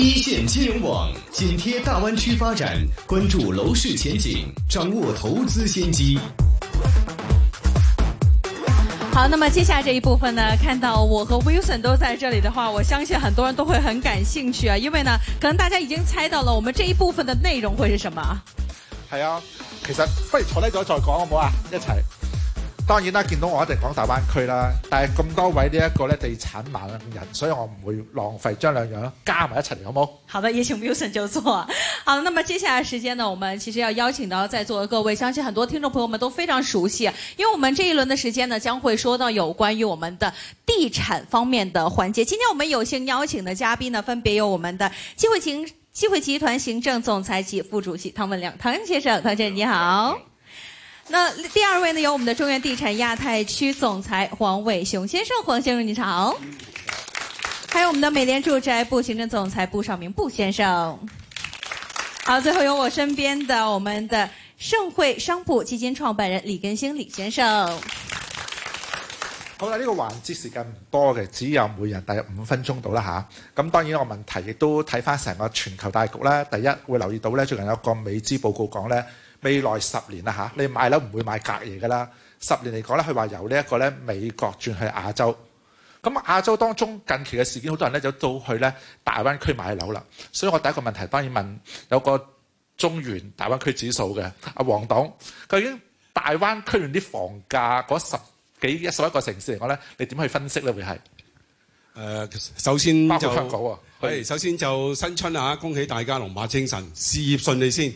一線金融網緊貼大灣區發展，關注樓市前景，掌握投資先機。好，那麼接下來這一部分呢，看到我和 Wilson 都在這裏的話，我相信很多人都會很感興趣啊，因為呢，可能大家已經猜到了我們這一部分的內容會是什麼。係啊，其實不如坐低咗再講好唔好啊？一齊。當然啦，見到我一定講大灣區啦，但係咁多位呢一個咧地產盲人，所以我唔會浪費將兩樣加埋一齊好冇？好的，葉倩 s 先生就坐。好，那麼接下來的時間呢，我們其實要邀請到在座的各位，相信很多聽眾朋友們都非常熟悉，因為我們這一輪的時間呢，將會說到有關於我們的地產方面的環節。今天我們有幸邀請的嘉賓呢，分別有我們的機會,會集團行政,政總裁及副主席唐文亮唐先生，唐先生，你好。Okay. 那第二位呢，有我們的中原地產亞太區總裁黃偉雄先生，黃先生你好。嗯、還有我們的美聯住宅部行政總裁布少明布先生。嗯、好，最後有我身邊的我們的盛會商部基金創辦人李根興李先生。好啦，呢、這個環節時間唔多嘅，只有每人大約五分鐘到啦吓。咁、啊、當然我問題亦都睇翻成個全球大局啦。第一會留意到呢，最近有一個美資報告講呢。未來十年啦嚇，你買樓唔會買隔夜㗎啦。十年嚟講咧，佢話由呢、這、一個咧美國轉去亞洲，咁亞洲當中近期嘅事件，好多人咧就到去咧大灣區買樓啦。所以我第一個問題當然問有個中原大灣區指數嘅阿黃董，究竟大灣區連啲房價嗰十幾一十一個城市嚟講咧，你點去分析咧？會係？誒，首先就係香港、啊、是首先就新春啊，恭喜大家龍馬精神，事業順利先。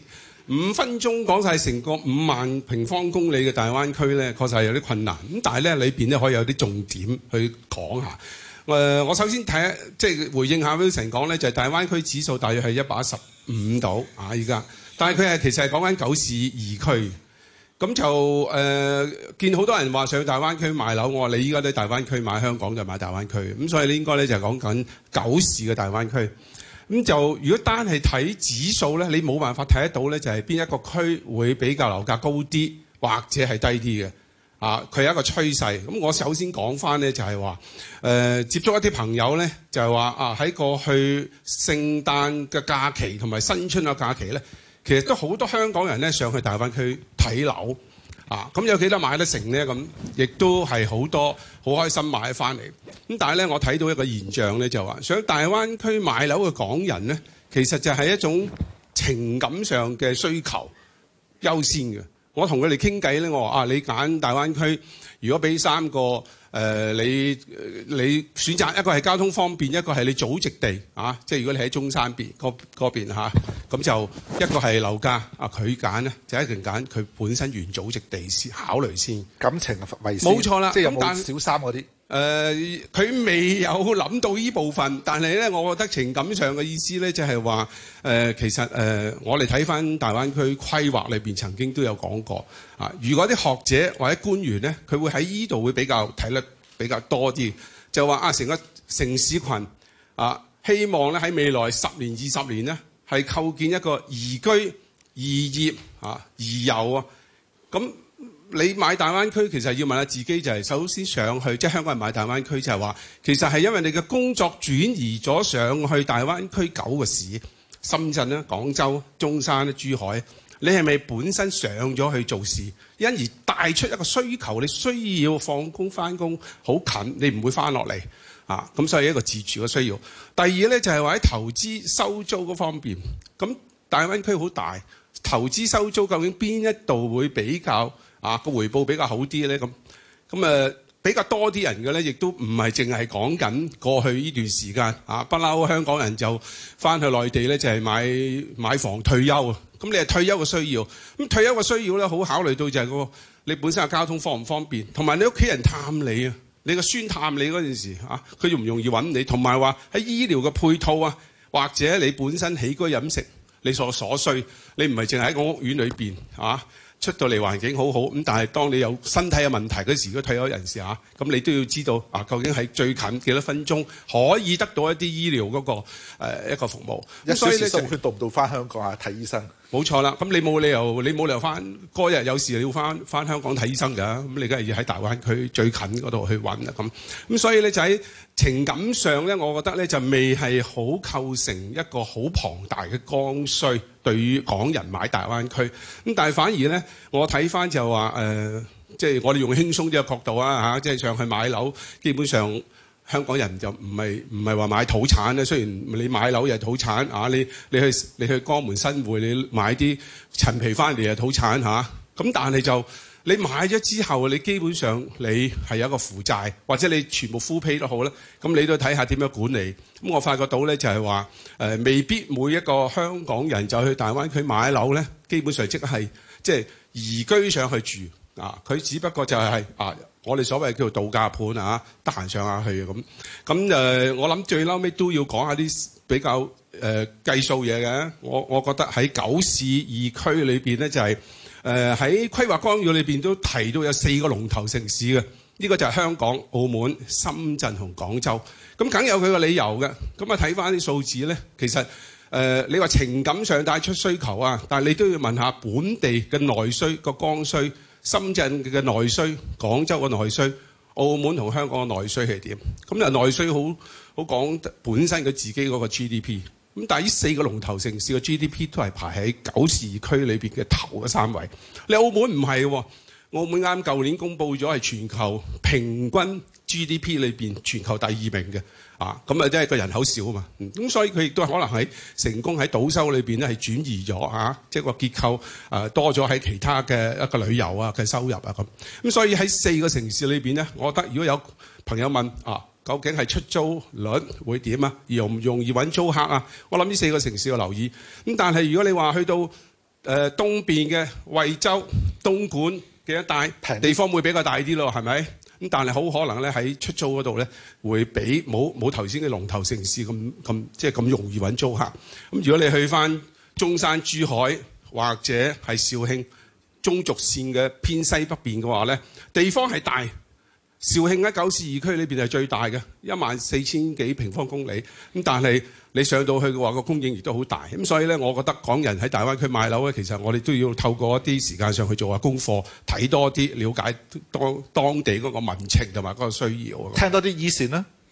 五分鐘講晒成個五萬平方公里嘅大灣區咧，確實係有啲困難。咁但係咧，裏邊咧可以有啲重點去講下。誒，我首先睇即係回應下 Wilson 講咧，就係、是、大灣區指數大約係一百十五度啊！而家，但係佢係其實係講緊九市二區。咁就誒、呃、見好多人話上大灣區買樓，我話你依家喺大灣區買香港就買大灣區。咁所以你應該咧就係講緊九市嘅大灣區。咁就如果單係睇指數咧，你冇辦法睇得到咧，就係邊一個區會比較樓價高啲或者係低啲嘅啊？佢有一個趨勢。咁我首先講返咧，就係話誒，接觸一啲朋友咧，就係話啊，喺過去聖誕嘅假期同埋新春嘅假期咧，其實都好多香港人咧上去大灣區睇樓。啊！咁有幾多買得成咧？咁亦都係好多好開心買翻嚟。咁但係咧，我睇到一個現象咧，就話想大灣區買樓嘅港人咧，其實就係一種情感上嘅需求優先嘅。我同佢哋傾偈咧，我話啊，你揀大灣區。如果俾三個、呃、你你選擇一個係交通方便，一個係你祖籍地啊，即係如果你喺中山邊,邊、啊、個邊咁就一個係樓價，啊佢揀呢就一定揀佢本身原祖籍地考慮先感情啊，為冇錯啦，即係有冇小三嗰啲？誒，佢未、呃、有諗到呢部分，但係咧，我覺得情感上嘅意思咧，就係話誒，其實誒、呃，我哋睇翻大灣區規劃裏面曾經都有講過啊。如果啲學者或者官員咧，佢會喺呢度會比較睇得比較多啲，就話啊，成個城市群啊，希望咧喺未來十年二十年呢，係構建一個宜居、宜業啊、宜遊啊，咁。你買大灣區其實要問下自己，就係首先上去即係、就係、香港人買大灣區就係話，就係話其實係因為你嘅工作轉移咗上去大灣區九個市，深圳咧、廣州、中山咧、珠海，你係咪本身上咗去做事，因而帶出一個需求？你需要放工翻工好近，你唔會翻落嚟啊！咁所以係一個自住嘅需要。第二呢，就係話喺投資收租嗰方面，咁大灣區好大，投資收租究竟邊一度會比較？啊，個回報比較好啲咧，咁咁誒比較多啲人嘅咧，亦都唔係淨係講緊過去呢段時間啊，不嬲香港人就翻去內地咧，就係買買房退休啊。咁你係退休嘅需要，咁退休嘅需要咧，好考慮到就係嗰個你本身嘅交通方唔方便，同埋你屋企人探你啊，你個孫探你嗰陣時啊，佢容唔容易揾你，同埋話喺醫療嘅配套啊，或者你本身起居飲食你所所需，你唔係淨係喺個屋苑裏面。啊。出到嚟環境好好，咁但係當你有身體嘅問題嗰時，如果退休人士嚇，咁你都要知道啊，究竟喺最近幾多分鐘可以得到一啲醫療嗰、嗰個、呃、一個服務？咁所以咧，佢到唔到翻香港啊睇醫生？冇錯啦，咁你冇理由，你冇理由翻嗰日有時你要翻翻香港睇醫生㗎，咁你梗係要喺大灣區最近嗰度去搵啦咁。咁所以咧就喺情感上咧，我覺得咧就未係好構成一個好龐大嘅剛需對於港人買大灣區。咁但係反而咧，我睇翻就話誒，即、呃、係、就是、我哋用輕鬆啲嘅角度啊即係、就是、上去買樓基本上。香港人就唔係唔係話買土產咧，雖然你買樓又係土產啊，你你去你去江門新會，你買啲陳皮翻嚟又土產嚇，咁但係就你買咗之後，你基本上你係有一個負債，或者你全部 full pay 都好啦。咁你都睇下點樣管理。咁我發覺到咧就係話誒未必每一個香港人就去大灣區買樓咧，基本上即係即係移居上去住啊，佢只不過就係、是、啊。我哋所謂叫做度假盤啊，得閒上下去咁。咁誒，我諗最嬲尾都要講下啲比較誒計數嘢嘅。我我覺得喺九市二區裏邊咧、就是，就係誒喺規劃綱要裏邊都提到有四個龍頭城市嘅。呢、這個就係香港、澳門、深圳同廣州。咁梗有佢個理由嘅。咁啊睇翻啲數字咧，其實誒、呃、你話情感上帶出需求啊，但係你都要問下本地嘅內需個剛需。深圳嘅內需、廣州嘅內需、澳門同香港嘅內需係點？咁就內需好好講本身佢自己嗰個 GDP。咁但係呢四個龍頭城市嘅 GDP 都係排喺九市區裏邊嘅頭嘅三位。你澳門唔係喎，澳門啱舊年公布咗係全球平均 GDP 裏面全球第二名嘅。啊，咁啊，即係個人口少啊嘛，咁、嗯、所以佢亦都可能喺成功喺倒收裏邊咧，係轉移咗嚇，即係個結構誒、啊、多咗喺其他嘅一個旅遊啊嘅收入啊咁。咁、啊、所以喺四個城市裏邊咧，我覺得如果有朋友問啊，究竟係出租率會點啊，容唔容易揾租客啊，我諗呢四個城市要留意。咁、啊、但係如果你話去到誒、呃、東邊嘅惠州、東莞嘅一帶宜地方會比較大啲咯，係咪？咁但係好可能咧，喺出租嗰度咧，會比冇冇頭先嘅龍頭城市咁咁即係咁容易搵租客。咁如果你去返中山、珠海或者係肇慶中軸線嘅偏西北邊嘅話咧，地方係大。肇慶喺九市二區裏面係最大嘅，一萬四千幾平方公里。但係你上到去嘅話，個供應亦都好大。咁所以呢，我覺得港人喺大灣區買樓呢，其實我哋都要透過一啲時間上去做下功課，睇多啲了解當當地嗰個民情同埋嗰個需要，聽多啲耳線啦。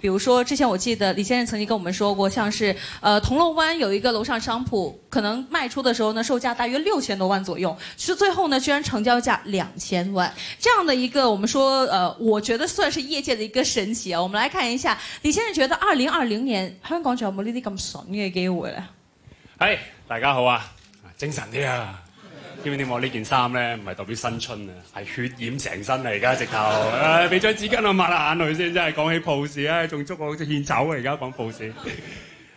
比如說，之前我記得李先生曾經跟我們說過，像是呃，銅鑼灣有一個樓上商鋪，可能賣出的時候呢，售價大約六千多萬左右，是最後呢，居然成交價兩千萬，這樣的一個我們說呃，我覺得算是業界的一個神奇啊。我們來看一下，李先生覺得二零二零年香港仲有冇呢啲咁爽嘅機會咧？哎，hey, 大家好啊，精神啲啊！點點，我呢件衫咧，唔係代表新春啊，係血染成身嚟，而家直頭，俾張紙巾我抹下眼淚先。真係講起報事咧，仲捉我獻醜啊！而家講報事，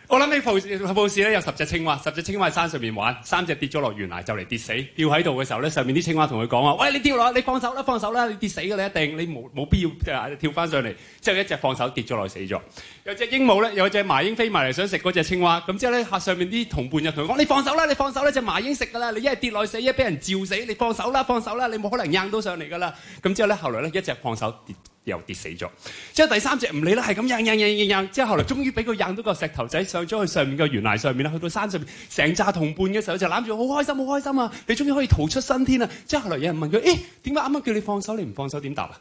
我諗起報報事咧，有十隻青蛙，十隻青蛙喺山上面玩，三隻跌咗落懸崖就嚟跌死，跳喺度嘅時候咧，上面啲青蛙同佢講話：喂，你跳落，你放手啦，放手啦，你跌死㗎啦一定，你冇冇必要跳翻上嚟，之後一隻放手跌咗落去死咗。有隻鸚鵡咧，有隻麻鷹飛埋嚟想食嗰隻青蛙。咁之後咧，上邊啲同伴就同佢講：你放手啦，你放手啦，隻麻鷹食噶啦！你一係跌落去死，一係俾人照死。你放手啦，放手啦，你冇可能掹到上嚟噶啦！咁之後咧，後來咧一隻放手跌又跌死咗。之後第三隻唔理啦，係咁掹掹掹掹掹。之後後來終於俾佢掹到個石頭仔上咗去上面個懸崖上面啦，去到山上邊成扎同伴嘅時候就攬住好開心，好開心啊！你終於可以逃出生天啊！之後後來有人問佢：誒點解啱啱叫你放手，你唔放手？點答啊？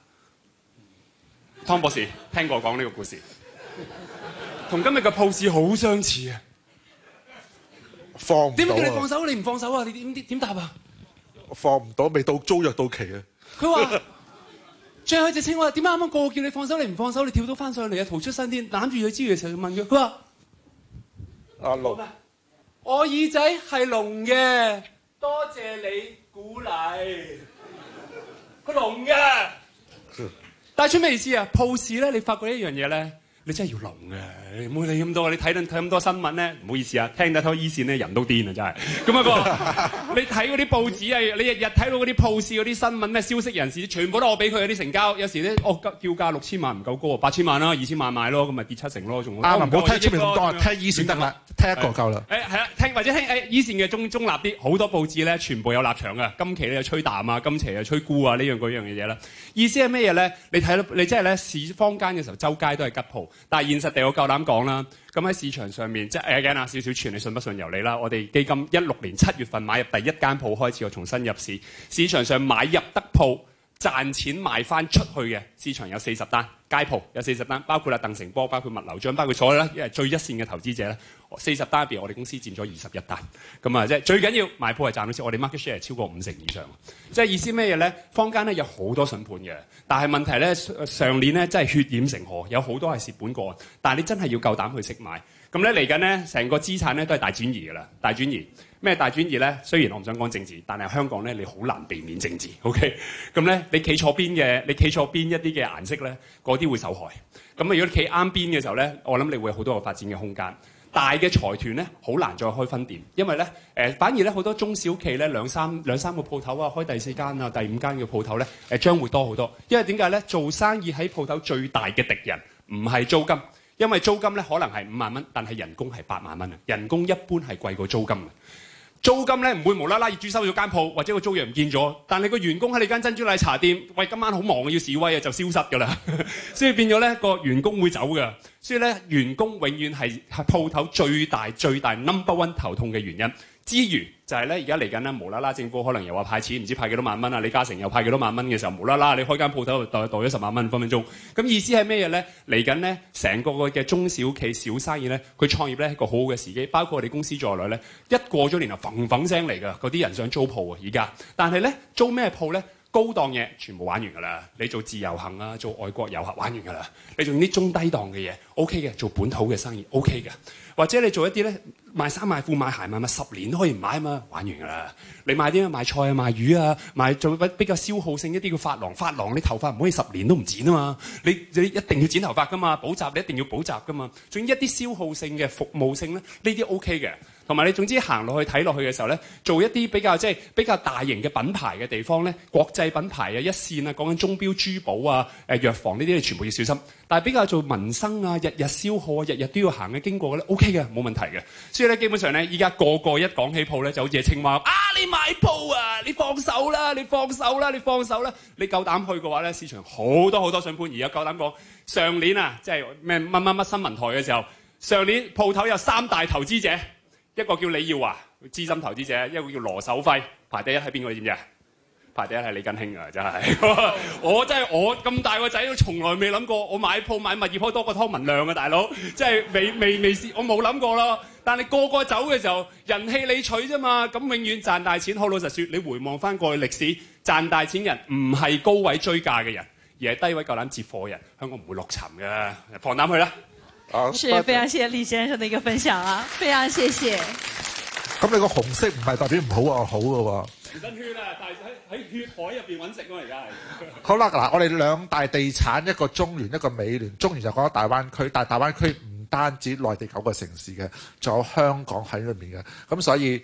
湯博士聽過講呢個故事。同今日嘅 pose 好相似啊！放點樣叫你放手？你唔放手啊？你點點答啊？我放唔到，未到租約到期啊！佢話說 最後一隻青蛙點解啱啱個叫你放手，你唔放手，你跳到翻上嚟啊！逃出生天，攬住佢之餘嘅時候問佢：佢話阿龍，我耳仔係聾嘅，多謝，謝你鼓勵，佢聾嘅。帶出咩意思啊？pose 咧，你發覺一樣嘢咧？你真係要諗啊！唔好理咁多，你睇到睇咁多新聞咧，唔好意思啊，聽得多 e 線咧，人都癲啊！真係咁啊！你睇嗰啲報紙啊，你日日睇到嗰啲報紙嗰啲新聞咩消息人士，全部都我俾佢嗰啲成交。有時咧，哦，叫價六千萬唔夠高，八千萬啦、啊，二千萬買咯，咁咪跌七成咯，仲啱，唔好聽出我面咁多，聽 e 線得啦，聽一個夠啦。誒係啦，聽或者聽誒、哎 e 線嘅中中立啲，好多報紙咧，全部有立場噶。今期咧就吹淡啊，今期又吹沽啊，呢樣嗰樣嘅嘢啦。意思係咩嘢咧？你睇到你真係咧市坊間嘅時候，周街都係吉鋪。但係現實地我，我夠膽講啦。咁喺市場上面，即係 again 啊，少少傳，你信不信由你啦。我哋基金一六年七月份買入第一間鋪開始，我重新入市。市場上買入得鋪。賺錢賣翻出去嘅市場有四十單街鋪有四十單，包括啦鄧成波，包括物流將，包括所有咧，因為最一線嘅投資者咧，四十單，單，譬如我哋公司佔咗二十一單，咁啊即係最緊要買鋪係賺到先。我哋 market share 係超過五成以上，即係意思咩嘢咧？坊間咧有好多筍盤嘅，但係問題咧上年咧真係血染成河，有好多係蝕本個案，但係你真係要夠膽去識買，咁咧嚟緊咧成個資產咧都係大轉移㗎啦，大轉移。咩大專業呢？雖然我唔想講政治，但係香港呢，你好難避免政治。OK，咁呢，你企錯邊嘅？你企錯邊一啲嘅顏色呢？嗰啲會受害。咁啊，如果你企啱邊嘅時候想呢，我諗你會好多個發展嘅空間。大嘅財團呢，好難再開分店，因為呢，誒、呃，反而呢，好多中小企呢，兩三兩三個鋪頭啊，開第四間啊、第五間嘅鋪頭呢，誒將會多好多。因為點解呢？做生意喺鋪頭最大嘅敵人唔係租金，因為租金呢，可能係五萬蚊，但係人工係八萬蚊啊！人工一般係貴過租金嘅。租金咧，唔會無啦啦，業主收咗間鋪或者個租約唔見咗，但你個員工喺你間珍珠奶茶店，喂，今晚好忙，要示威就消失㗎啦，所以變咗呢個員工會走㗎，所以呢，員工永遠係係鋪頭最大最大 number one 頭痛嘅原因。之餘就係咧，而家嚟緊咧，無啦啦，政府可能又話派錢，唔知派幾多萬蚊啊！李嘉誠又派幾多萬蚊嘅時候，無啦啦，你開間鋪頭就貸貸咗十萬蚊分分鐘。咁意思係咩嘢咧？嚟緊咧，成個嘅中小企、小生意咧，佢創業咧係一個好好嘅時機。包括我哋公司在內咧，一過咗年就砰砰聲嚟㗎，嗰啲人想租鋪啊！而家，但係咧，租咩鋪咧？高檔嘢全部玩完㗎啦！你做自由行啊，做外國遊客玩完㗎啦！你做啲中低檔嘅嘢 O K 嘅，做本土嘅生意 O K 嘅，或者你做一啲咧賣衫賣褲賣鞋賣乜十年都可以唔買啊嘛，玩完㗎啦！你賣啲咩？賣菜啊賣魚啊賣做比較消耗性一啲嘅髮廊髮廊，你頭髮唔可以十年都唔剪啊嘛！你你一定要剪頭髮㗎嘛，補習你一定要補習㗎嘛，仲一啲消耗性嘅服務性咧，呢啲 O K 嘅。同埋你總之行落去睇落去嘅時候呢，做一啲比較即係、就是、比較大型嘅品牌嘅地方呢，國際品牌啊、一線啊，講緊鐘錶、珠寶啊、誒、呃、藥房呢啲，你全部要小心。但係比較做民生啊、日日消耗啊、日日都要行嘅、啊、經過呢 OK 嘅，冇、OK、問題嘅。所以呢，基本上呢，依家個個一講起鋪呢，就好似係青蛙啊！你買鋪啊！你放手啦！你放手啦！你放手啦！你夠膽去嘅話呢，市場好多好多想搬而家夠膽講上年啊，即係咩乜乜乜新聞台嘅時候，上年鋪頭有三大投資者。一個叫李耀華，資深投資者；一個叫羅守輝，排第一係邊個？你知唔知？排第一係李根興啊！真係， 我真係我咁大個仔都從來未諗過，我買鋪買物業開多過湯文亮啊！大佬，真係未未未試，我冇諗過咯。但係個個走嘅時候，人氣你取啫嘛。咁永遠賺大錢，好老實説，你回望翻過去歷史，賺大錢人唔係高位追價嘅人，而係低位夠膽接貨的人。香港唔會陸沉嘅，放膽去啦！啊，oh, 非常謝謝李先生的一個分享啊，非常謝謝。咁你個紅色唔係代表唔好啊，好嘅喎、啊。全身血咧，大隻喺血海入邊揾食咯，而家係。好啦，嗱，我哋兩大地產，一個中原，一個美聯。中原就講咗大灣區，但係大灣區唔單止內地九個城市嘅，仲有香港喺裏面嘅。咁所以，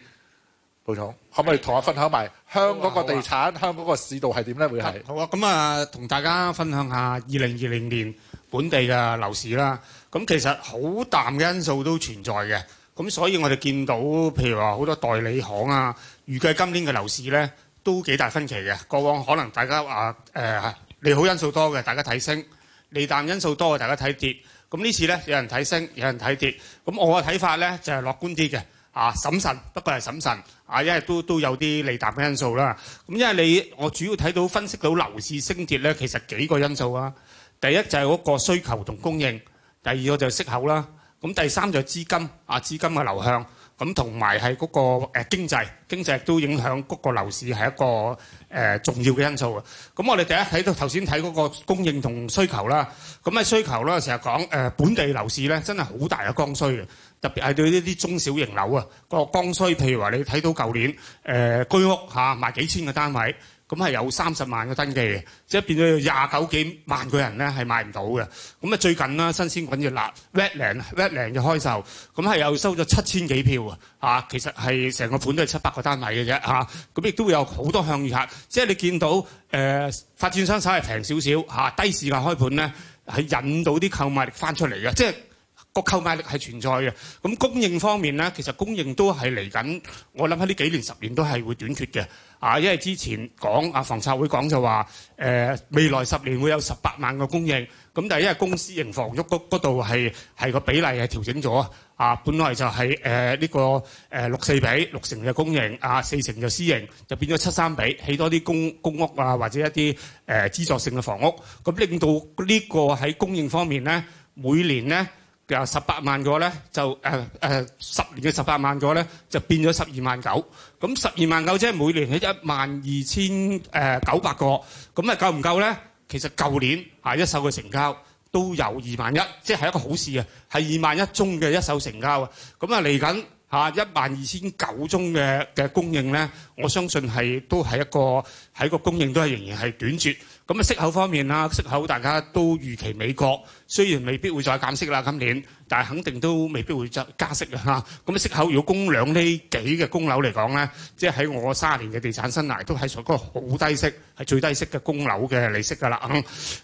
報總可唔可以同我分享埋的香港個地產，的的香港個的市道係點咧？會係。好啊，咁啊，同大家分享下二零二零年。本地嘅樓市啦，咁其實好淡嘅因素都存在嘅，咁所以我哋見到，譬如話好多代理行啊，預計今年嘅樓市咧都幾大分歧嘅。過往可能大家啊誒利好因素多嘅，大家睇升；利淡因素多嘅，大家睇跌。咁呢次咧，有人睇升，有人睇跌。咁我嘅睇法咧就係樂觀啲嘅，啊審慎，不過係審慎，啊因為都都有啲利淡嘅因素啦。咁因為你我主要睇到分析到樓市升跌咧，其實幾個因素啊。第一就係嗰個需求同供應，第二個就係息口啦，咁第三就係資金，啊資金嘅流向，咁同埋係嗰個誒經濟，經濟都影響嗰個樓市係一個誒重要嘅因素啊。咁我哋第一睇到頭先睇嗰個供應同需求啦，咁啊需求咧成日講誒本地樓市咧真係好大嘅剛需嘅，特別係對呢啲中小型樓啊個剛需，譬如話你睇到舊年誒居屋嚇賣幾千個單位。咁係有三十萬個登記嘅，即係變咗廿九幾萬個人咧係買唔到嘅。咁啊最近啦，新鮮滾熱辣 Red Land 就開售，咁係又收咗七千幾票啊！其實係成個盤都係七百個單位嘅啫。咁亦都會有好多向隅客，即係你見到誒、呃、發展商稍係平少少嚇，低市價開盤咧係引到啲購買力翻出嚟嘅，即係個購買力係存在嘅。咁供應方面咧，其實供應都係嚟緊，我諗喺呢幾年十年都係會短缺嘅。啊！因為之前講啊，房策會講就話誒，未來十年會有十八萬個供應。咁但係因為公私營房屋嗰度係係個比例係調整咗啊、呃，本來就係誒呢個誒、呃、六四比，六成嘅供應啊，四成嘅私營就變咗七三比，起多啲公公屋啊，或者一啲誒資助性嘅房屋。咁令到呢個喺供應方面咧，每年咧有十八萬個咧就誒、呃呃、十年嘅十八萬個咧就變咗十二萬九。咁十二萬九，即係，每年係一萬二千誒九百個，咁啊夠唔夠咧？其實舊年嚇一手嘅成交都有二萬一，即係一個好事嘅，係二萬一宗嘅一手成交嘅。咁啊嚟緊嚇一萬二千九宗嘅嘅供應咧，我相信係都係一個喺個供應都係仍然係短缺。咁啊息口方面啦，息口大家都預期美國雖然未必會再減息啦，今年，但係肯定都未必會再加息嘅嚇。咁啊息口如果供兩呢幾嘅供樓嚟講咧，即係喺我三十年嘅地產生涯都係屬於一個好低息，係最低息嘅供樓嘅利息㗎啦。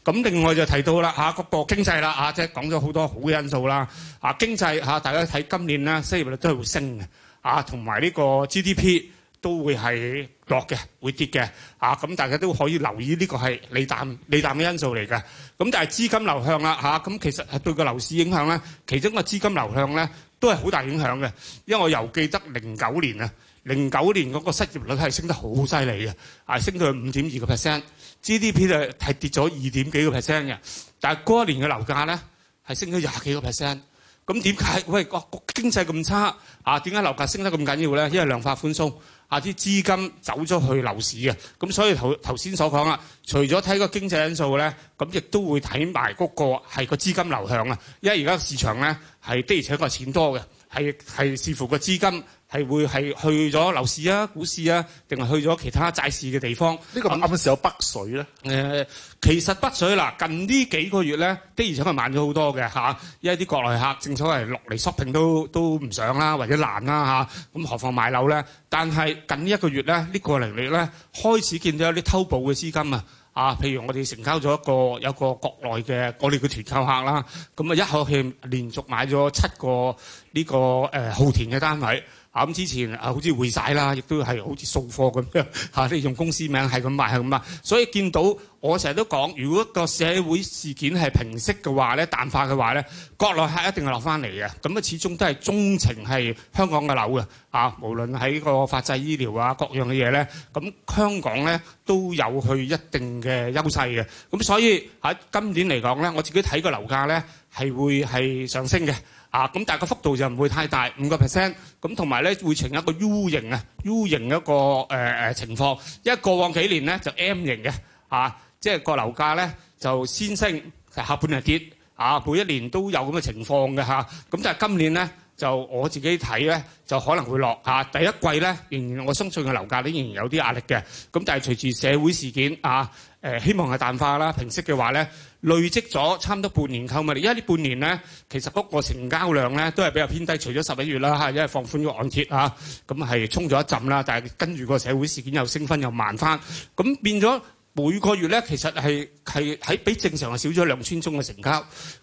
咁另外就提到啦嚇嗰個經濟啦嚇，即係講咗好多好嘅因素啦。啊經濟嚇，大家睇今年咧，失業率都係會升嘅。啊同埋呢個 GDP。都會係落嘅，會跌嘅啊！咁大家都可以留意呢個係利淡利淡嘅因素嚟嘅。咁但係資金流向啦嚇，咁其實係對個樓市影響咧，其中個資金流向咧都係好大影響嘅。因為我又記得零九年啊，零九年嗰個失業率係升得好犀利嘅，啊升到去五點二個 percent，GDP 就係跌咗二點幾個 percent 嘅。但係嗰一年嘅樓價咧係升咗廿幾個 percent。咁點解？喂，個經濟咁差啊，點解樓價升得咁緊要咧？因為量化寬鬆。啊！啲資金走咗去樓市嘅，咁所以頭頭先所講啦，除咗睇個經濟因素咧，咁亦都會睇埋嗰個係個資金流向啊，因為而家市場咧係的而且確係錢多嘅。係係視乎個資金係會係去咗樓市啊、股市啊，定係去咗其他債市嘅地方。呢個啱嘅時候有北水咧。誒，其實北水嗱，近呢幾個月咧，的而且確慢咗好多嘅嚇，因為啲國內客，正所謂落嚟 shopping 都都唔上啦，或者難啦嚇，咁何況買樓咧？但係近呢一個月咧，呢個零月咧，開始見到有啲偷步嘅資金啊！啊，譬如我哋成交咗一個，有個國內嘅，我哋嘅團購客啦，咁啊一口氣連續買咗七個呢個呃浩田嘅單位。啊咁之前啊，好似匯曬啦，亦都係好似掃貨咁樣嚇，你用公司名係咁賣，係咁賣，所以見到我成日都講，如果個社會事件係平息嘅話咧、淡化嘅話咧，國內客一定係落翻嚟嘅。咁啊，始終都係鍾情係香港嘅樓嘅嚇，無論喺個法制、醫療啊各樣嘅嘢咧，咁香港咧都有佢一定嘅優勢嘅。咁所以喺今年嚟講咧，我自己睇個樓價咧係會係上升嘅。啊，咁但係個幅度就唔會太大，五個 percent，咁同埋咧會呈一個 U 型啊，U 型一個、呃、情況，因為過往幾年咧就 M 型嘅，即、啊、係、就是、個樓價咧就先升，下半日跌。啊，每一年都有咁嘅情況嘅咁、啊、但係今年咧就我自己睇咧就可能會落嚇、啊，第一季咧仍然我相信個樓價咧仍然有啲壓力嘅，咁但係隨住社會事件啊。誒、呃、希望係淡化啦，平息嘅話咧，累積咗差唔多半年購物力，因為呢半年咧，其實嗰個成交量咧都係比較偏低，除咗十一月啦嚇，因為放寬咗按揭啊，咁係衝咗一陣啦，但係跟住個社會事件又升翻又慢翻，咁、嗯、變咗每個月咧其實係係喺比正常係少咗兩千宗嘅成交，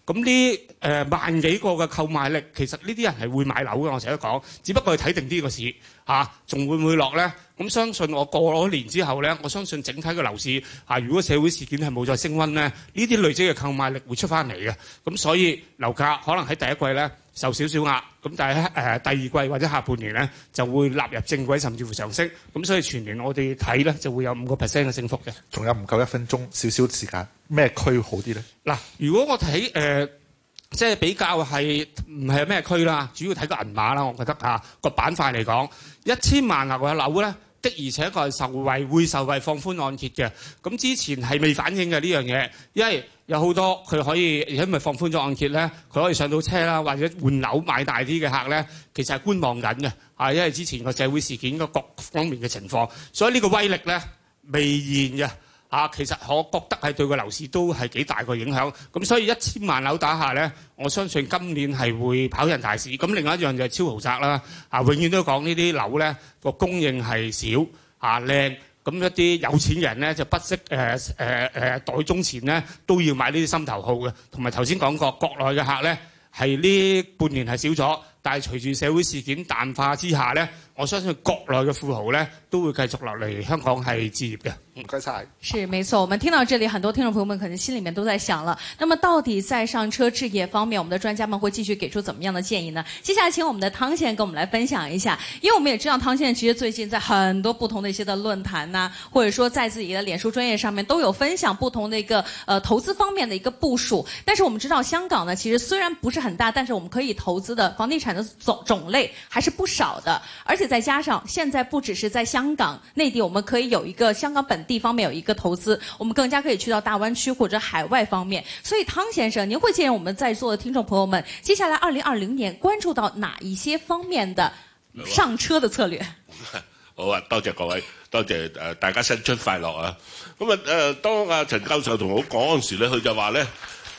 咁呢誒萬幾個嘅購買力，其實呢啲人係會買樓嘅，我成日都講，只不過係睇定呢個市。啊，仲會唔會落咧？咁相信我過咗年之後咧，我相信整體嘅樓市啊，如果社會事件係冇再升溫咧，呢啲累積嘅購買力會出翻嚟嘅。咁所以樓價可能喺第一季咧受少少壓，咁但係喺誒第二季或者下半年咧就會納入正軌，甚至乎上升。咁所以全年我哋睇咧就會有五個 percent 嘅升幅嘅。仲有唔夠一分鐘，少少時間，咩區好啲咧？嗱，如果我睇誒。即係比較係唔係咩區啦，主要睇個銀碼啦，我覺得嚇、啊、個板塊嚟講，一千萬樓嘅樓咧的，而且確係受惠，會受惠放寬按揭嘅。咁之前係未反映嘅呢樣嘢，因為有好多佢可以，而且咪放寬咗按揭咧，佢可以上到車啦，或者換樓買大啲嘅客咧，其實係觀望緊嘅嚇，因為之前個社會事件個各方面嘅情況，所以呢個威力咧未現嘅。啊，其實我覺得係對個樓市都係幾大個影響，咁所以一千萬樓打下咧，我相信今年係會跑贏大市。咁另外一樣就係超豪宅啦，啊永遠都講呢啲樓咧個供應係少，啊靚，咁一啲有錢人咧就不惜誒誒誒袋中錢咧都要買呢啲心頭好嘅，同埋頭先講過國內嘅客咧係呢半年係少咗。但係隨住社會事件淡化之下呢，我相信國內嘅富豪呢都會繼續落嚟香港係置業嘅。唔該曬。是，沒錯。我們聽到這裡，很多聽眾朋友們可能心裏面都在想了。那麼到底在上車置業方面，我們的專家們會繼續給出怎麼樣的建議呢？接下來請我們的湯先生跟我們來分享一下。因為我們也知道，湯先生其實最近在很多不同的一些的論壇啊，或者說在自己的臉書專頁上面都有分享不同的一個呃投資方面的一個部署。但是我們知道香港呢，其實雖然不是很大，但是我們可以投資的房地產。種種類還是不少的，而且再加上現在不只是在香港、內地，我們可以有一個香港本地方面有一個投資，我們更加可以去到大灣區或者海外方面。所以湯先生，您會建議我們在座的聽眾朋友們，接下來二零二零年關注到哪一些方面的上車的策略？好啊，多謝各位，多謝、呃、大家新春快樂啊！咁啊，誒、呃，當啊陳教授同我講嗰時呢，佢就話呢。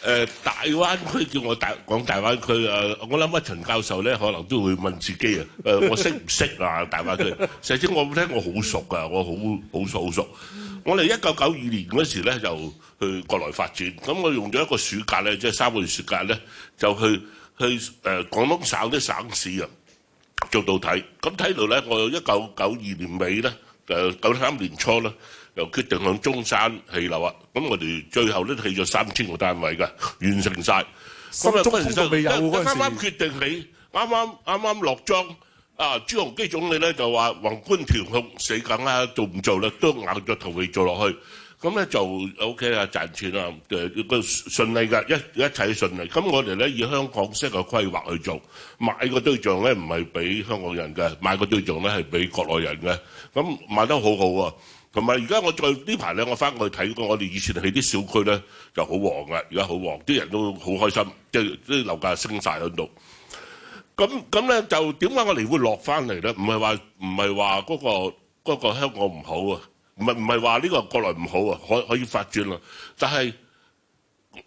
誒大灣區叫我大講大灣區誒，我諗阿陳教授咧可能都會問自己啊，誒我識唔識啊大灣區？實際上我聽我好熟噶，我好好熟好熟。我哋一九九二年嗰時咧就去國內發展，咁我用咗一個暑假咧，即係三個月暑假咧就去去誒廣東省啲省市啊，做導睇。咁睇到咧，我一九九二年尾咧，誒九三年初咧。又決定向中山起樓啊！咁我哋最後都起咗三千個單位㗎，完成晒。咁啊，中途未有嗰陣時。啱啱決定起，啱啱啱啱落莊啊！朱鎔基總理咧就話宏觀調控死梗啦，做唔做咧都硬咗頭皮做落去。咁咧就 O K 啦，賺錢啊，誒個順利㗎，一一切順利。咁我哋咧以香港式嘅規劃去做，買個對象咧唔係俾香港人嘅，買個對象咧係俾國內人嘅。咁賣得好好喎。同埋而家我再呢排咧，我翻去睇過，我哋以前喺啲小區咧就好旺嘅，而家好旺，啲人都好開心，即係啲樓價升晒喺度。咁咁咧就點解我哋會落翻嚟咧？唔係話唔係話嗰個嗰個香港唔好啊，唔係唔係話呢個國內唔好啊，可以可以發展啊。但係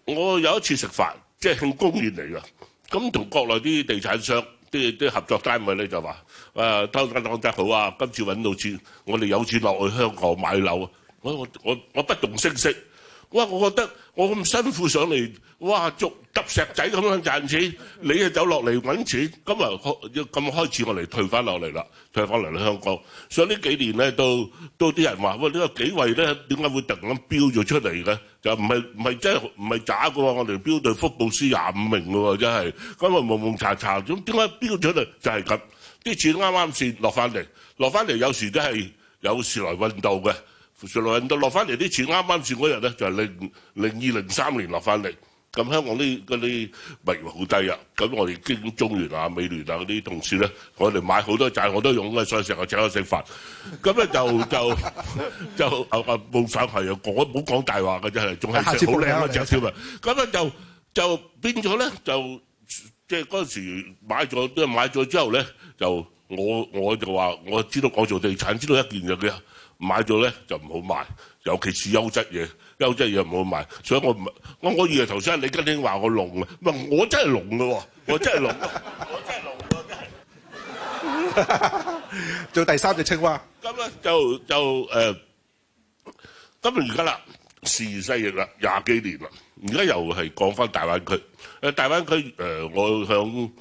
我有一次食飯，即係去公園嚟嘅，咁同國內啲地產商啲啲合作單位咧就話。誒偷得講得好啊！今次揾到錢，我哋有錢落去香港買樓。我我我我不動聲色。我話我覺得我咁辛苦上嚟，哇！捉執石仔咁樣賺錢，你又走落嚟揾錢。今日開要咁開始，我哋退翻落嚟啦，退翻嚟香港。所以呢幾年咧，都都啲人話：喂，呢個幾位咧，點解會突然咁飆咗出嚟咧？就唔係唔係真係唔係渣嘅喎！我哋飆到福布斯廿五名嘅喎，真係今日蒙蒙查查，咁點解飆咗出嚟就係咁？啲錢啱啱先落翻嚟，落翻嚟有時都係有時來運到嘅，時來運到落翻嚟啲錢啱啱先嗰日咧就係零零二零三年落翻嚟。咁香港啲嗰啲咪好低啊！咁我哋經中原啊、美聯啊嗰啲同事咧，我哋買好多債，我都用嘅，所以成日請我食飯。咁咧就就就啊啊冇反派啊！我唔好講大話嘅真係，仲係好靚啊！着少啊！咁咧就就變咗咧，就即係嗰陣時買咗即係買咗之後咧。就我我就話我知道講做地產，知道一件嘢嘅，買咗咧就唔好賣，尤其是優質嘢，優質嘢唔好賣。所以我唔係我我以為頭先你今天話我聾啊，唔係我真係聾嘅喎，我真係聾，我真係聾嘅真係。做第三隻青蛙。咁咧就就誒，咁而家啦時世易啦廿幾年啦，而家又係講翻大灣區誒大灣區誒、呃、我向。呃我想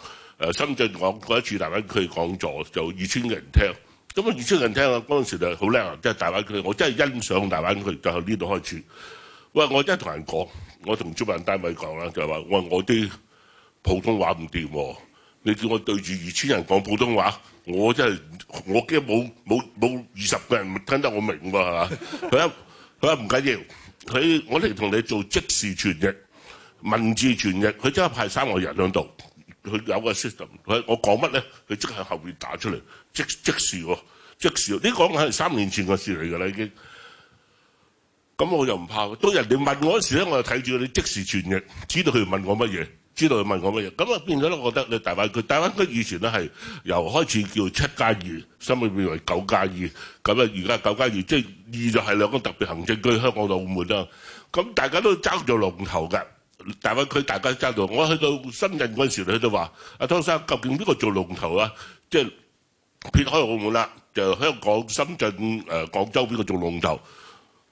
誒深圳講嗰一次大灣區講座，就二千人聽，咁啊二千人聽啊，嗰陣時就好叻啊！即係大灣區，我真係欣賞大灣區，就係呢度開始。喂，我真係同人講，我同出版單位講啦，就話我我啲普通話唔掂，你叫我對住二千人講普通話，我真係我驚冇冇冇二十個人聽得我明喎。佢佢話唔緊要，佢 我哋同你做即時傳譯、文字傳譯，佢真係派三個人喺度。佢有個 system，我我講乜咧，佢即喺後邊打出嚟，即即時喎，即時喎。呢講緊係三年前個事嚟㗎啦，已經。咁我就唔怕。當人哋問我嗰時咧，我就睇住嗰啲即時傳譯，知道佢問我乜嘢，知道佢問我乜嘢，咁啊變咗咧，我覺得你大灣區，大灣區以前咧係由開始叫七加二，後尾變為九加二，咁啊而家九加二，即二就係兩個特別行政區香港同澳門啦，咁大家都爭做龍頭㗎。大灣區大家爭到，我去到深圳嗰陣時，佢就話：阿湯生究竟邊個做龍頭啊？即係撇開澳門啦，就香港深圳誒廣州邊個做龍頭？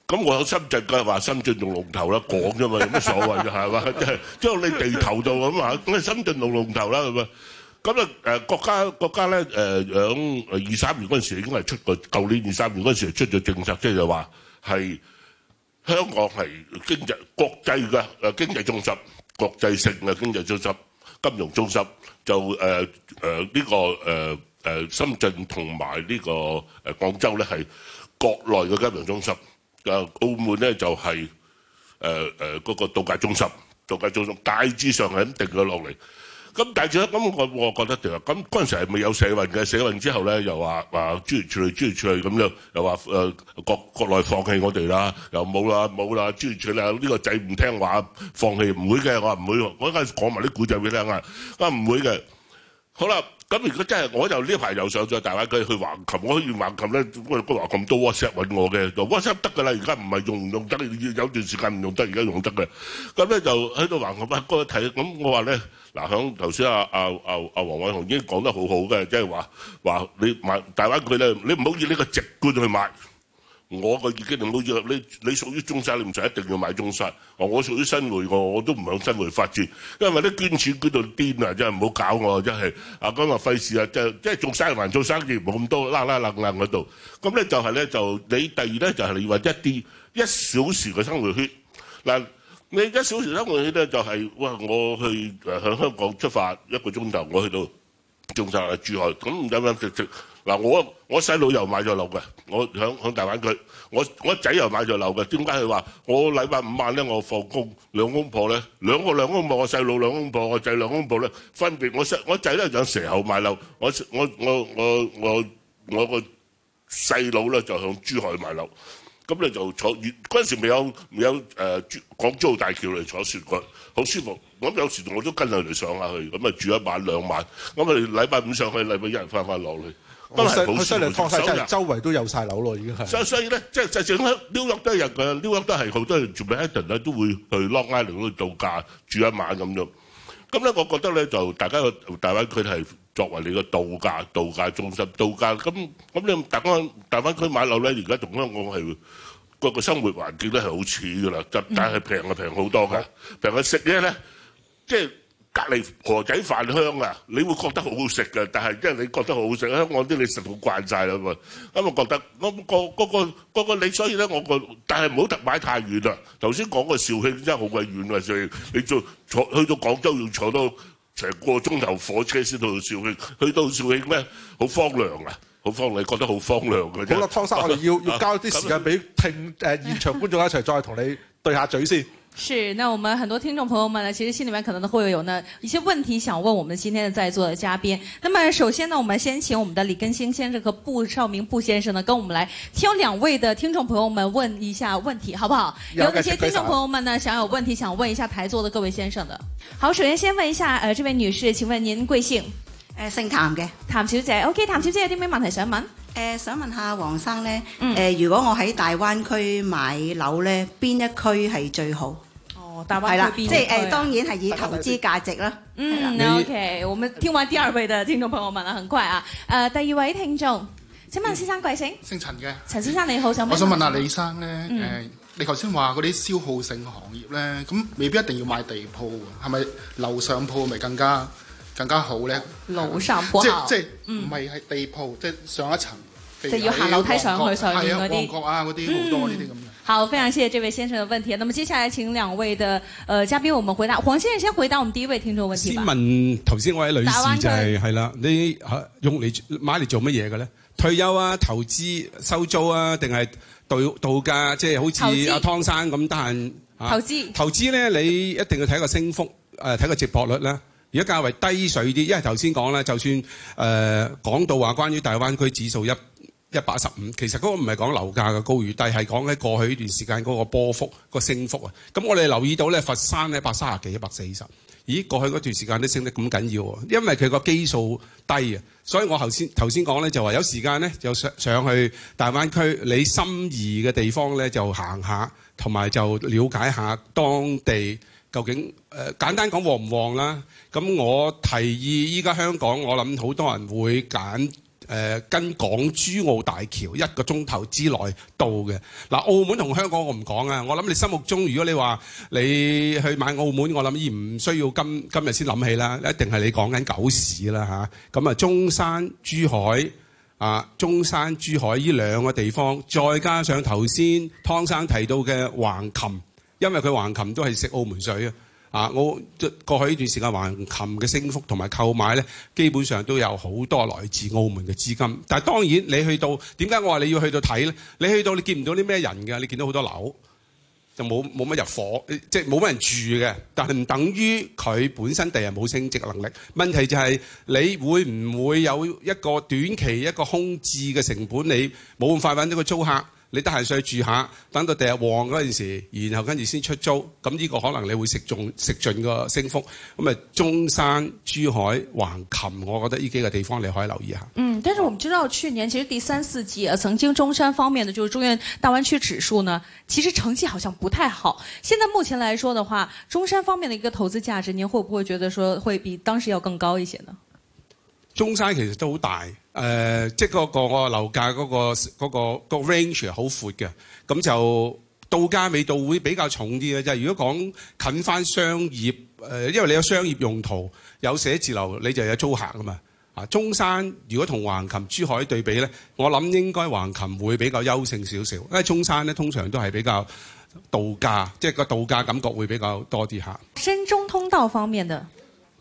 咁我喺深圳佢又話深圳做龍頭啦，講啫嘛，有乜所謂啫？係嘛，即係將你地頭度咁話，咁啊深圳做龍頭啦咁啊，咁啊誒國家國家咧誒響二三年嗰陣時已經係出過，舊年二三年嗰陣時出咗政策，即係就話係。香港係經濟國際嘅誒經濟中心，國際性嘅經濟中心、金融中心，就誒誒呢個誒誒深圳同埋呢個誒廣州咧係國內嘅金融中心，誒澳門咧就係誒誒嗰個度假中心、度假中心，大致上係咁定咗落嚟。咁大二咗，咁我我覺得咁嗰陣時係未有社運嘅，社運之後咧又話話、啊、諸如此類諸如此類咁又又話誒國國內放棄我哋啦，又冇啦冇啦諸如此類，呢、這個仔唔聽話，放棄唔會嘅，我話唔會，我而家講埋啲古仔俾你聽啊，我話唔會嘅。好啦，咁如果真係，我就呢排又上咗大灣區去橫琴，我去橫琴咧，我哥話咁多 WhatsApp 搵我嘅，就 WhatsApp 得㗎啦。而家唔係用唔用得，有段時間唔用得，而家用得嘅。咁咧就喺度橫琴翻哥睇，咁我話咧，嗱響頭先阿阿阿阿黃偉雄已經講得好好嘅，即係話話你買大灣區咧，你唔好以呢個直觀去買。我個意見就冇要你，你屬於中山，你唔使一定要買中山。我屬於新會喎，我都唔響新會發展，因為啲捐錢捐到癲啊！真係唔好搞我，真係。咁咪費事啊，就即係做生意還做生意，唔好咁多啦啦楞楞嗰度。咁咧就係咧就，你第二咧就係你話一啲一小時嘅生活圈。嗱，你一小時生活圈咧就係哇，我去響香港出發一個鐘頭，我去到中山啊珠海，咁飲飲食食。嗱，我我細佬又買咗樓嘅，我響響大灣區，我我仔又買咗樓嘅。點解佢話我禮拜五晚咧？我放工兩公婆咧，兩個兩公婆，我細佬兩公婆，我仔兩公婆咧，分別我細我仔咧就喺蛇口買樓，我我我我我我個細佬咧就向珠海買樓。咁你就坐越嗰陣時未有未有誒港珠澳大橋嚟坐船過，好舒服。咁有時我都跟佢哋上下去，咁啊住一晚兩晚。咁佢哋禮拜五上去，禮拜一人翻返落去。都係犀利，真係周圍都有曬樓咯，已經係。所所以咧，即係即係整粒 New York 都入嘅，New York 都係好多人住喺 London 咧，都會去 Long Island 度度假住一晚咁樣。咁咧，我覺得咧就大家嘅大灣區係作為你嘅度假度假中心、度假咁咁咧，大灣大灣區買樓咧，而家同香港係個個生活環境咧係好似㗎啦，但係平啊，平好多㗎。平啊，食嘢咧，即係。隔離河仔飯香啊，你會覺得好好食啊。但係因為你覺得好好食，香港啲你食到慣晒啦嘛。咁我覺得我個嗰個嗰你，所以咧我個但係唔好特買太遠啦。頭先講個肇慶真係好鬼遠啊，所以你坐去到廣州要坐到成個鐘頭火車先到肇慶，去到肇慶咩？好荒涼啊！好荒涼，慌 ady，覺得、欸、已好荒涼嘅。好啦，湯生，我哋要要交啲時間俾、啊啊啊啊、聽誒、呃、現場觀眾一齊再同你對下嘴先。是，那我們很多聽眾朋友們呢，其實心裏面可能都會有呢一些問題想問我們今天的在座的嘉賓。那麼首先呢，我們先請我們的李根興先生和布少明布先生呢，跟我們來挑兩位的聽眾朋友們問一下問題，好不好？有哪些聽眾朋友們呢想有問題想問一下台座的各位先生的？好，首先先問一下，呃，這位女士，請問您貴姓？誒，姓譚嘅譚小姐，OK，譚小姐有啲咩問題想問？誒、呃，想問下黃生咧，誒、嗯呃，如果我喺大灣區買樓咧，邊一區係最好？哦，大灣區邊？係啦的，即係誒、呃，當然係以投資價值啦。嗯的你，OK，我們聽完第二位嘅聽眾朋友問啦，很快啊。誒、呃，第二位聽眾，請問先生貴姓？嗯、姓陳嘅。陳先生你好，想我想問下李生咧，誒、呃，你頭先話嗰啲消耗性行業咧，咁未必一定要買地鋪，係咪樓上鋪咪更加更加好咧，嗯，即係即係唔係係地鋪，嗯、即上一層，就要行樓梯上去上嗰啲旺角啊，嗰啲好多呢啲咁樣。好，非常謝謝這位先生嘅問題。那麼接下來請兩位的呃嘉賓我們回答。黃先生先回答我們第一位聽眾問題。先問頭先嗰位女士就係，是，啦，你，啊，用嚟買嚟做乜嘢嘅咧？退休啊，投資收租啊，定係度度假？即，就，係，是，好似阿資、啊、湯生咁得閒。投資。投資咧，你一定要睇個升幅，睇，啊、個接駁率啦。而家較為低水啲，因為頭先講咧，就算誒講、呃、到話關於大灣區指數一一百一十五，其實嗰個唔係講樓價嘅高與低，係講喺過去呢段時間嗰個波幅、個升幅啊。咁我哋留意到咧，佛山咧一百三十幾、一百四十，140，咦？過去嗰段時間都升得咁緊要喎，因為佢個基數低啊。所以我頭先頭先講咧，就話有時間咧就上上去大灣區你心儀嘅地方咧就行一下，同埋就了解一下當地。究竟誒、呃、簡單講旺唔旺啦？咁我提議依家香港，我諗好多人會揀誒、呃、跟港珠澳大橋一個鐘頭之內到嘅。嗱、呃，澳門同香港我唔講啊。我諗你心目中，如果你話你去買澳門，我諗而唔需要今今日先諗起啦，一定係你講緊狗屎啦嚇。咁啊，中山珠海啊，中山珠海呢兩個地方，再加上頭先湯生提到嘅橫琴。因為佢橫琴都係食澳門水啊！啊，我過去呢段時間橫琴嘅升幅同埋購買咧，基本上都有好多來自澳門嘅資金。但係當然你去到點解我話你要去到睇咧？你去到你見唔到啲咩人㗎？你見到好多樓，就冇冇乜入夥，即係冇乜人住嘅。但係唔等於佢本身地係冇升值能力。問題就係你會唔會有一個短期一個空置嘅成本？你冇咁快搵到個租客？你得閒上去住下，等到第日旺嗰陣時，然後跟住先出租，咁呢個可能你會食仲食盡個升幅。咁啊，中山、珠海、橫琴，我覺得呢幾個地方你可以留意下。嗯，但是我們知道去年其實第三、四季啊，曾經中山方面的就是中原大灣區指數呢，其實成績好像不太好。現在目前來說的話，中山方面的一個投資價值，你會不會覺得說會比當時要更高一些呢？中山其實都好大。誒、呃，即係、那、嗰個樓價嗰個嗰、那個那個、range 好闊嘅，咁就度假味道會比較重啲嘅。即係如果講近返商業，誒、呃，因為你有商業用途，有寫字樓，你就有租客啊嘛。啊，中山如果同橫琴、珠海對比咧，我諗應該橫琴會比較優勝少少，因為中山咧通常都係比較度假，即係個度假感覺會比較多啲嚇。深中通道方面嘅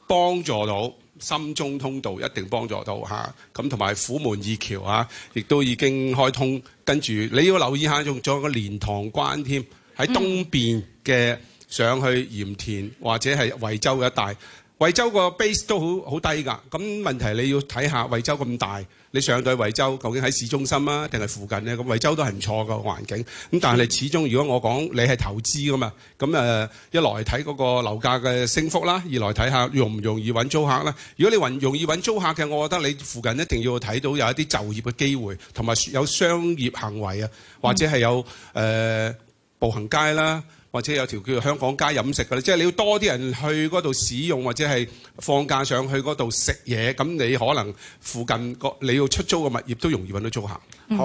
幫助到。深中通道一定幫助到吓，咁同埋虎門二橋啊，亦都已經開通。跟住你要留意下仲仲有個蓮塘關添，喺東邊嘅上去鹽田或者係惠州嘅一帶。惠州個 base 都好好低㗎，咁問題你要睇下惠州咁大，你上到去惠州究竟喺市中心啊，定係附近咧？咁惠州都係唔錯個環境，咁但係始終如果我講你係投資㗎嘛，咁誒一來睇嗰個樓價嘅升幅啦，二來睇下容唔容易揾租客啦。如果你還容易揾租客嘅，我覺得你附近一定要睇到有一啲就業嘅機會，同埋有，有商業行為啊，或者係有誒步、嗯、呃、行街啦。或者有條叫香港街飲食嘅咧，即係你要多啲人去嗰度使用，或者係放假上去嗰度食嘢，咁你可能附近個你要出租嘅物業都容易揾到租客。好、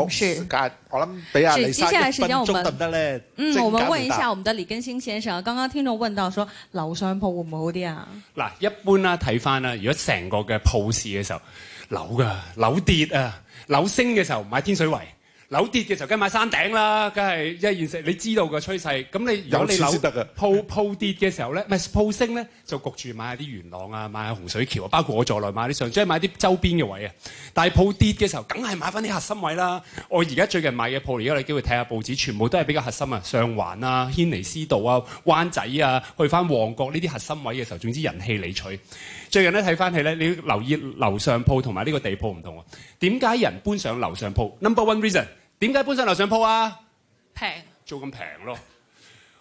嗯，是，我諗比阿李生嘅分鐘我得唔得咧？嗯，我們問一下我們的李根興先生，剛剛聽到問到說，說樓上鋪會唔會好啲啊？嗱，一般啦，睇翻啦，如果成個嘅鋪市嘅時候，樓嘅、啊、樓跌啊，樓升嘅時候唔買天水圍。樓跌嘅時候，梗係買山頂啦，梗係一現實，你知道個趨勢。咁你有你先得㗎。鋪鋪跌嘅時候咧，咪係鋪升咧，就焗住買下啲元朗啊，買下洪水橋啊，包括我在內買下啲上，即係買啲周邊嘅位啊。但係鋪跌嘅時候，梗係買翻啲核心位啦。我而家最近買嘅鋪，而家你有機會睇下報紙，全部都係比較核心啊，上環啊、軒尼詩道啊、灣仔啊、去翻旺角呢啲核心位嘅時候，總之人氣理取。最近咧睇翻起咧，你要留意樓上鋪同埋呢個地鋪唔同啊。點解人搬上樓上鋪？Number one reason。點解搬上樓上鋪啊？平宜，租咁平咯。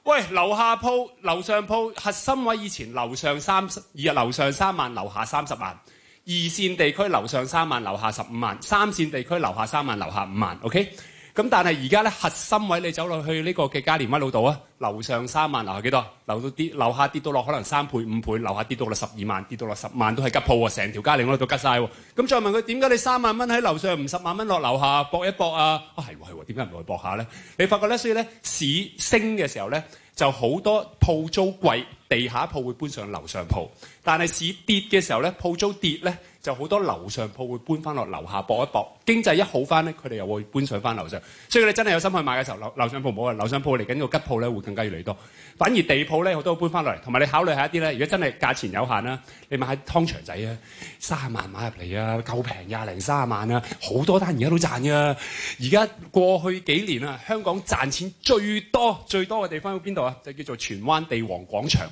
喂，樓下鋪、樓上鋪核心位以前樓上三十，而家樓上三萬，樓下三十萬。二線地區樓上三萬，樓下十五萬。三線地區樓下三萬，樓下五萬。OK。咁但係而家咧核心位，你走落去呢個嘅加連威老道啊，樓上三萬樓下，樓下幾多？樓到跌，樓下跌到落可能三倍、五倍，樓下跌到落十二萬，跌到落十萬都係吉鋪喎，成條加連威老道都吉晒喎。咁、嗯、再問佢點解你三萬蚊喺樓上，唔十萬蚊落樓下搏一搏啊？啊係喎係喎，點解唔去搏下咧？你發覺咧，所以咧市升嘅時候咧，就好多鋪租貴，地下鋪會搬上樓上鋪，但係市跌嘅時候咧，鋪租跌咧。就好多樓上鋪會搬翻落樓下搏一搏，經濟一好翻咧，佢哋又會搬上翻樓上。所以你真係有心去買嘅時候，樓樓上鋪冇啊，樓上鋪嚟緊個吉鋪咧會更加越嚟越多。反而地鋪咧好多都搬翻落嚟，同埋你考慮一下一啲咧，如果真係價錢有限啦，你買喺劏場仔啊，三十萬買入嚟啊，夠平廿零三十萬啊，好多單而家都賺嘅。而家過去幾年啊，香港賺錢最多最多嘅地方喺邊度啊？就叫做荃灣地王廣場。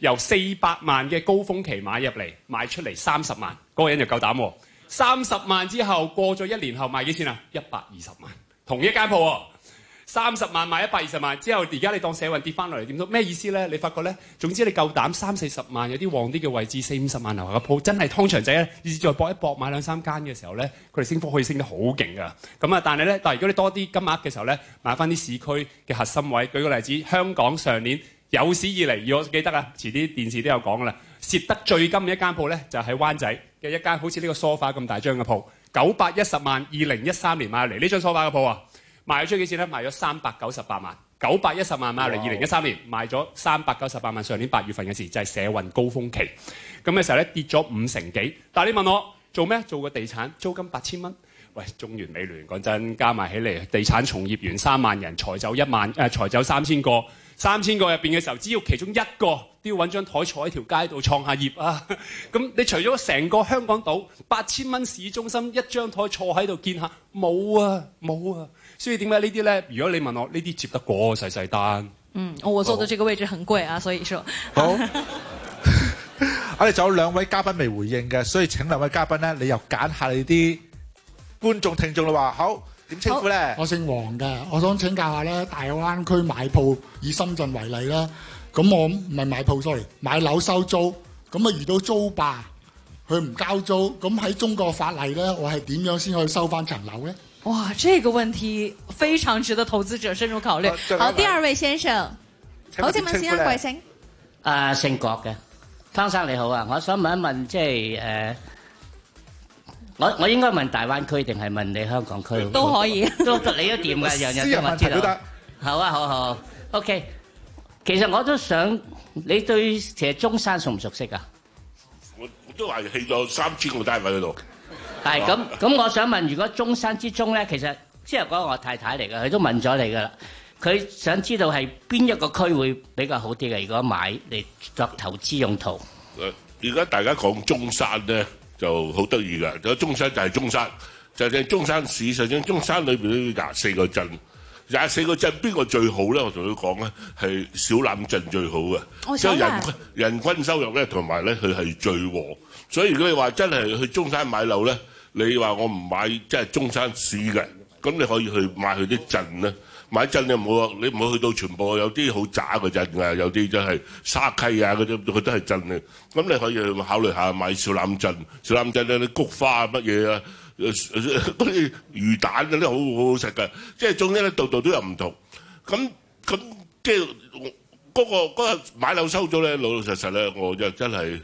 由四百萬嘅高峰期買入嚟，賣出嚟三十萬，嗰、那個人就夠膽喎。三十萬之後過咗一年後賣幾錢啊？一百二十萬，同一間鋪喎。三十萬賣一百二十萬之後，而家你當社運跌翻落嚟點都咩意思呢？你發覺呢？總之你夠膽三四十萬有啲旺啲嘅位置，四五十萬樓下嘅鋪，真係劏場仔咧，再搏一搏買兩三間嘅時候呢，佢哋升幅可以升得好勁㗎。咁啊，但係呢，但係如果你多啲金額嘅時候呢，買翻啲市區嘅核心位。舉個例子，香港上年。有史以嚟，以我記得啊，遲啲電視都有講啦。蝕得最金嘅一間鋪咧，就喺、是、灣仔嘅一間好似呢個梳化咁大張嘅鋪，九百一十萬，二零一三年買嚟。呢張梳化嘅鋪啊，賣咗出幾錢咧？賣咗三百九十八萬。九百一十萬買嚟，二零一三年賣咗三百九十八萬。上年八月份嘅時就係、是、社運高峰期，咁嘅時候咧，跌咗五成幾。但係你問我做咩？做個地產租金八千蚊。喂，中原美聯講真，加埋起嚟，地產從業員三萬人才走一萬，誒、啊、才走三千個。三千個入面嘅時候，只要其中一個都要揾張台坐喺條街度創下業啊！咁 你除咗成個香港島八千蚊市中心一張台坐喺度見客，冇啊冇啊！所以點解呢啲咧？如果你問我呢啲接得過細細單？嗯，我坐到這個位置很貴啊，所以說好。我哋仲有兩位嘉賓未回應嘅，所以請兩位嘉賓咧，你又揀下你啲觀眾聽眾嘅話好。點稱呼咧？我姓黃嘅，我想請教下咧，大灣區買鋪，以深圳為例啦，咁我唔係買鋪 sorry，買樓收租，咁啊遇到租霸，佢唔交租，咁喺中國法例咧，我係點樣先可以收返層樓咧？哇，這個問題非常值得投資者深入考慮。好，第二位先生，呼好請問、呃、先生貴姓？啊，姓郭嘅，湯生你好啊，我想問一問即係誒。就是呃我我應該問大灣區定係問你香港區都可以，都你都掂㗎，人人問題都得。好啊，好好。OK，其實我都想，你對其實中山熟唔熟悉㗎？我我都話去咗三千個單位嗰度。係咁咁，我想問，如果中山之中咧，其實之前嗰個我太太嚟㗎，佢都問咗你㗎啦。佢想知道係邊一個區會比較好啲嘅？如果買嚟作投資用途。誒，而家大家講中山咧。就好得意㗎，仲有中山就係中山，就正中山市，就正中山裏邊咧，廿四個鎮，廿四個鎮邊個最好咧？我同佢講咧，係小欖鎮最好嘅，即係人均人均收入咧，同埋咧佢係最和。所以如果你話真係去中山買樓咧，你話我唔買即係中山市嘅，咁你可以去買佢啲鎮咧。買鎮你冇，你唔好去到全部，有啲好渣嘅鎮呀，有啲真係沙溪啊啲，佢都係鎮嘅。咁你可以考慮下買小欖鎮，小欖鎮咧啲菊花啊乜嘢啊，嗰啲魚蛋嗰啲好好食㗎。即係總之咧度度都有唔同。咁咁即係嗰個嗰日、那個那個、買樓收咗咧，老老實實咧，我就真係。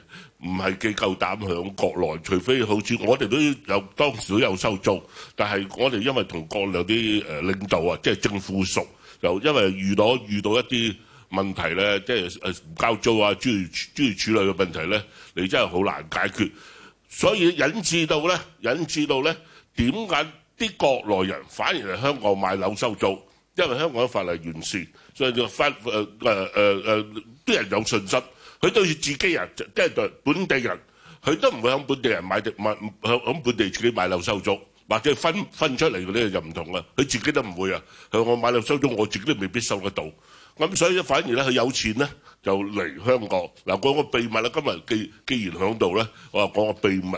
唔係幾夠膽響國內，除非好似我哋都有當時都有收租，但係我哋因為同國內啲誒領導啊，即係政府熟，又因為遇到遇到一啲問題咧，即係唔交租啊，諸如諸如此類嘅問題咧，你真係好難解決，所以引致到咧，引致到咧，點解啲國內人反而喺香港買樓收租？因為香港法例完善，所以就翻誒誒誒誒，啲人有信心。佢對住自己人，即係對本地人，佢都唔會向本地人買地買向向本地自己買樓收租，或者分分出嚟嗰啲就唔同啦。佢自己都唔會啊！我買樓收租，我自己都未必收得到。咁所以反而咧，佢有錢咧就嚟香港嗱。講個秘密咧，今日既既然響度咧，我又講個秘密。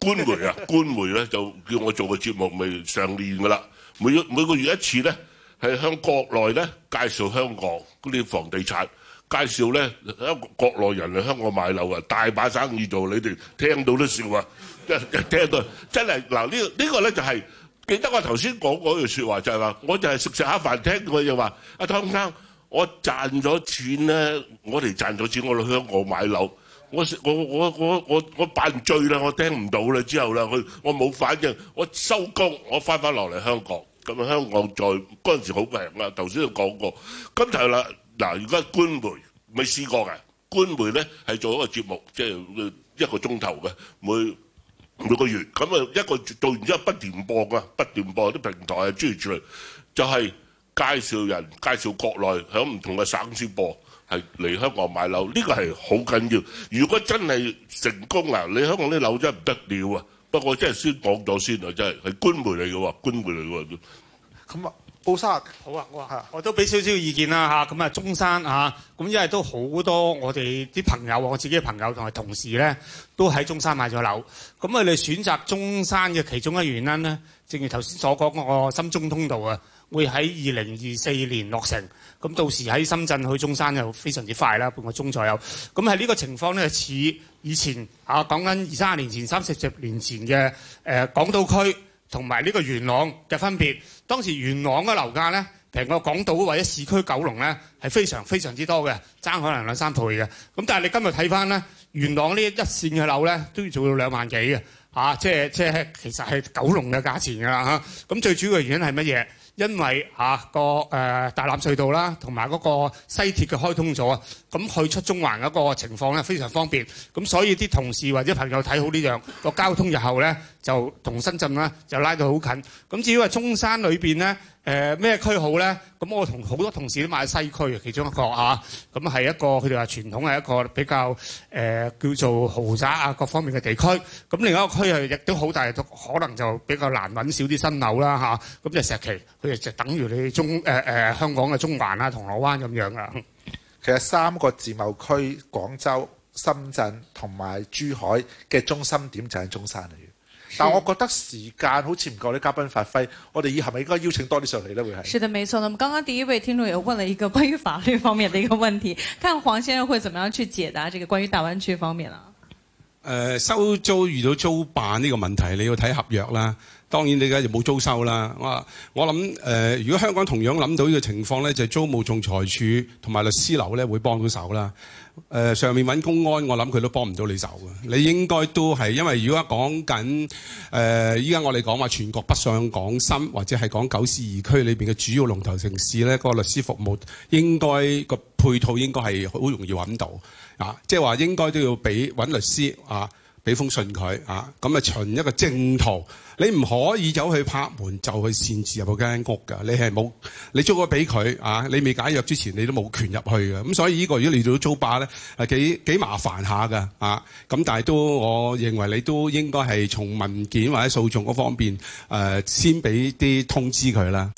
官媒啊，官媒咧就叫我做個節目，咪上年㗎啦。每每個月一次咧，係向國內咧介紹香港嗰啲房地產。介紹咧，喺國內人嚟香港買樓啊，大把生意做，你哋聽到都笑啊！一聽到真係嗱，呢呢個咧就係記得我頭先講嗰句説話，就係話，我就係食食下飯，聽佢就話阿湯生，我賺咗錢咧，我哋賺咗錢，我去香港買樓，我我我我我我扮醉啦，我聽唔到啦，之後啦，佢我冇反應，我收工，我翻返落嚟香港，咁啊香港再嗰陣時好平啦，頭先都講過，咁就啦。嗱，而家官媒未試過㗎，官媒咧係做一個節目，即係一個鐘頭嘅，每每個月，咁啊一個做完之後不斷播㗎，不斷播啲平台啊諸如此類，就係介紹人介紹國內響唔同嘅省市播，係嚟香港買樓，呢個係好緊要。如果真係成功啊，你香港啲樓真係唔得了啊！不過真係先講咗先啊，真係係官媒嚟嘅喎，官媒嚟嘅喎，咁啊。好啊，好啊，我我都俾少少意見啦，咁啊中山啊，咁因為都好多我哋啲朋友啊，我自己嘅朋友同埋同事咧，都喺中山買咗樓。咁佢哋選擇中山嘅其中一個原因咧，正如頭先所講我深中通道啊，會喺二零二四年落成，咁到時喺深圳去中山又非常之快啦，半個鐘左右。咁喺呢個情況咧，似以前啊講緊二三十年前，三四十年前嘅港島區。同埋呢個元朗嘅分別，當時元朗嘅樓價呢，平過港島或者市區九龍呢，係非常非常之多嘅，爭可能兩三倍嘅。咁但係你今日睇返呢，元朗呢一線嘅樓呢，都要做到兩萬幾嘅，吓，即係即係其實係九龍嘅價錢㗎啦吓。咁最主要嘅原因係乜嘢？因為吓個誒大欖隧道啦，同埋嗰個西鐵嘅開通咗，咁去出中環嗰個情況呢，非常方便。咁所以啲同事或者朋友睇好呢樣個交通，日後呢。就同深圳咧就拉到好近咁。至於話中山裏邊咧，誒咩區好咧？咁我同好多同事都買西區，其中一個嚇咁係一個佢哋話傳統係一個比較誒叫做豪宅啊各方面嘅地區。咁另一個區係亦都好大，都可能就比較難揾少啲新樓啦嚇。咁就石岐佢哋就等於你中誒誒香港嘅中環啊、銅鑼灣咁樣噶。其實三個自貿區，廣州、深圳同埋珠海嘅中心點就喺中山嚟嘅。但我覺得時間好似唔夠啲嘉賓發揮，我哋以後係咪應該邀請多啲上嚟咧？會係。是的，冇錯。咁啊，剛剛第一位聽眾有問了一個關於法律方面的一個問題，看黃先生會怎麼樣去解答這個關於大灣區方面啊，誒、呃，收租遇到租辦呢個問題，你要睇合約啦。當然你而家就冇租收啦。我我諗、呃、如果香港同樣諗到呢個情況咧，就係、租務仲裁處同埋律師樓咧會幫到手啦。誒、呃、上面揾公安，我諗佢都幫唔到你手嘅。你應該都係因為如果講緊誒，依、呃、家我哋講話全國北上港深，或者係講九市二區裏面嘅主要龍頭城市咧，個律師服務應該個配套應該係好容易揾到啊。即係話應該都要俾揾律師啊。俾封信佢啊，咁啊循一個正途，你唔可以走去拍門就去擅自入嗰間屋噶，你係冇你租咗俾佢啊，你未解約之前你都冇權入去噶，咁、嗯、所以呢個如果你到租霸咧，係、啊、幾幾麻煩下噶啊，咁但係都我認為你都應該係從文件或者訴訟嗰方面誒、啊、先俾啲通知佢啦。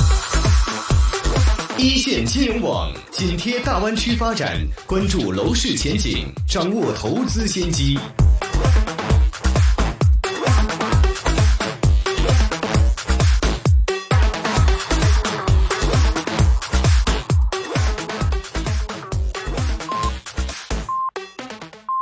e 線金融網緊貼大灣區發展，關注樓市前景，掌握投資先機。